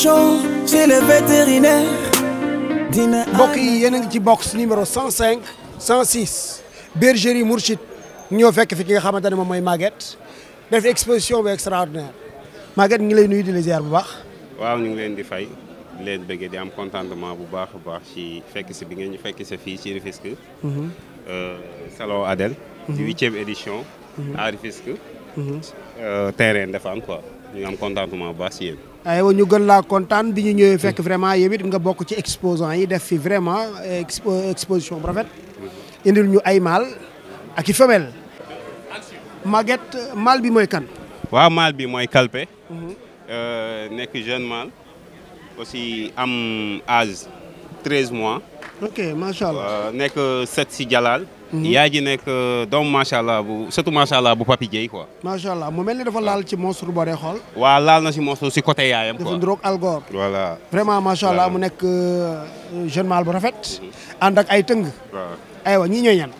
cochon chez le vétérinaire. mbokk yi yéen a ngi ci box numéro 105 106 bergerie Mourchid ñoo fekk fi ki nga xamante ne moom mooy Maguette def exposition bu extraordinaire Maguette ngi lay nuyu di la bu baax. waaw ñu ngi leen di fay leen bëggee di am contentement bu baax a baax ci fekk si bi ngeen ñu fekk si fii ci Rufisque. Mhm. Euh, salon Adel. Mhm. di huitième édition. Mhm. à Rufisque. Euh, terrain Ndefane quoi. ñu am contentement bu baax ah, ñu gën laa kontaan bi ñu ñëwee fekk vraiment yow nga bokk ci exposant yi def fi vraiment eh, exposition bu rafet. Mm-hmm. ñu ay maal ak i femelle. Maguette maal bi mooy kan. waaw maal bi mooy kalpe. Mm-hmm. Euh, nekk jeune maal. aussi am âge treize mois. ok macha allah euh, nekk euh, sët si Jalaal. Mhm. yaa ji nekk euh, doomu macha allah bu surtout macha allah bu Papi Dieye quoi. macha allah mu mel ni dafa laal ci monstre boo dee xool. waaw laal na si monstre si côté yaayam quoi. dafa ndróog Al voilà vraiment macha allah mu nekk jeune mâle bu rafet. Mhm. ànd ak ay tëng. waaw aywa ñii ñooy ñan.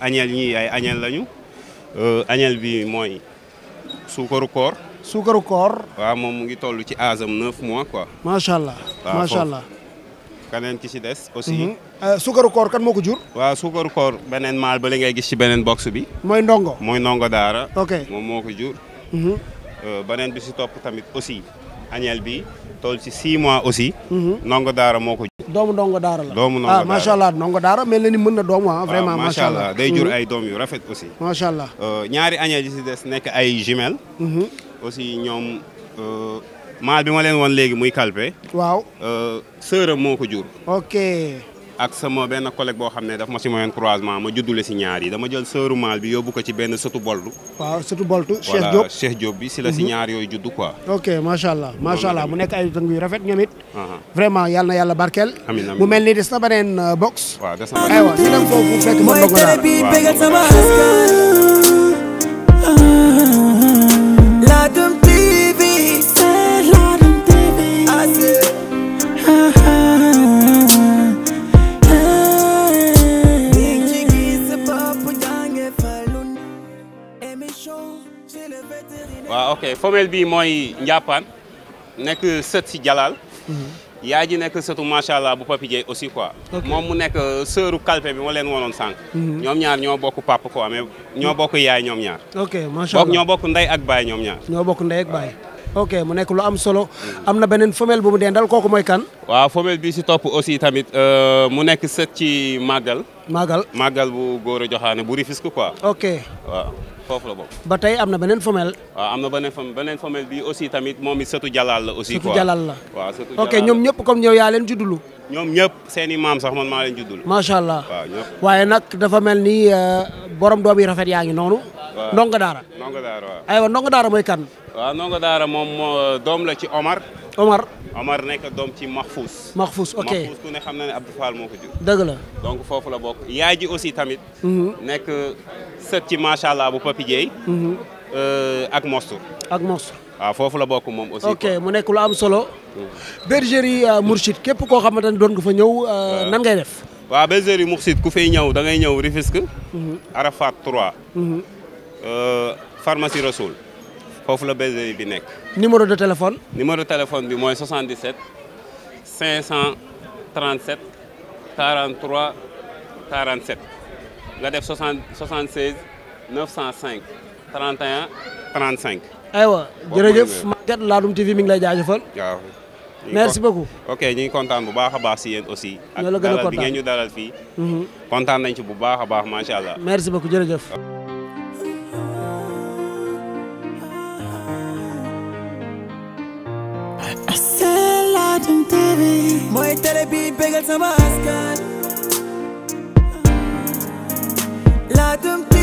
añeel ñii ay añeel lañu. añeel bi mooy suukaru koor. suukaru koor. waaw moom mu ngi toll ci aasam neuf mois quoi. macha allah macha allah. keneen ki ci des. aussi mhm. euh, suukaru koor kan moo ko jur. waaw suukaru koor beneen maal ba li ngay gis ci beneen box bi. mooy ndongo mooy ndongo daara. ok moom moo ko jur. Mhm. Euh, beneen bi si topp tamit aussi añeel bi toll ci 6 mois aussi. Mhm. ndongo daara moo ko jur. doomu ndongo daara la doomu ndongo ah, allah ndongo daara mel na ni mën na doom ah. ah vraiment macha allah day jur ay doom yu rafet aussi. macha allah euh, ñaari añeel yi si des nekk ay jumelles. aussi ñoom. maal bi ma leen woon léegi muy kalpe waaw euh, sëram moo ko jur ok ak sama benn collègue boo xam ne daf ma si mayoon croisement ma juddule si ñaar yi dama jël sëru maal bi yóbbu ko ci benn sëtu boltu waaw sëtu boltu Cheikh Diop bi si la si mhm. ñaar yooyu juddu quoi ok macha allah macha allah mu nekk ay dëng yu rafet ñoom it uh-huh. vraiment yal na yàlla barkeel amiin mu mel ni des na beneen euh, box waaw ok femelle bi mooy njàppaan nekk sët si Jalal. Mhm. yaay ji nekk sëtu macha allah bu Papi Dieye aussi quoi. moom mu nekk sëru kalpe bi ma leen woonoon sànq. Mhm. ñoom ñaar ñoo bokk papa quoi mais ñoo bokk yaay ñoom ñaar. ok macha ñoo bokk ndey ak baay ñoom ñaar. ñoo bokk ndey ak baay. ok mu nekk lu am solo am na beneen femelle bu mu deen dal kooku mooy kan. waaw femelle bi si topp aussi tamit euh, mu nekk sët ci màggal. màggal màggal bu góor a joxaane bu Rufisque quoi. ok waaw foofu la bokk. ba tey am na beneen femelle. am na beneen fem beneen femelle bi aussi tamit moom it sëtu jalaal la aussi. quoi sëtu la waaw ñoom ñëpp comme ñëw yaa leen juddulu. ñoom ñëpp seeni i maam sax man maa leen juddulu. macha allah waaye nag dafa mel ni euh, borom doom yi rafet yaa ngi noonu. ndongo daara ndongo daara waaw aywa ndongo daara mooy kan waaw ndongo daara moom doom la ci Omar Omar Omar nekk doom ci Mahfous Mahfous ok Mahfous ku ne xam na ne Abdou Fall moo ko jur donc foofu la bokk yaay ji aussi tamit mhm. nekk set ci macha allah bu Papi mhm. euh, ak Mostur ak Mostur waaw foofu la bokk moom aussi ok mu nekk lu am solo mhm. bergerie euh, Mourchid képp koo xamante ne doon nga fa ñëw euh, nan ngay def waaw bergerie Mourchid ku fay ñëw dangay ñëw Rufisque Arafat 3 Euh, pharmacie Rasoul foofu la bergerie bi nekk. numéro de téléphone. numéro téléphone bi mooy 77 537 43 47 nga def 60 76 905 31 35. aywa jërëjëf Maguette Ladoum TV mi ngi lay jaajëfal. waaw. merci beaucoup ok ñu ngi kontaan bu baax a baax si yéen aussi. ak dalal bi ñu dalal fii. Mhm. kontaan nañ ci bu baax a baax macha allah. merci beaucoup jërëjëf. Ladoum TV mooy télé bi bégal sama askan Ladoum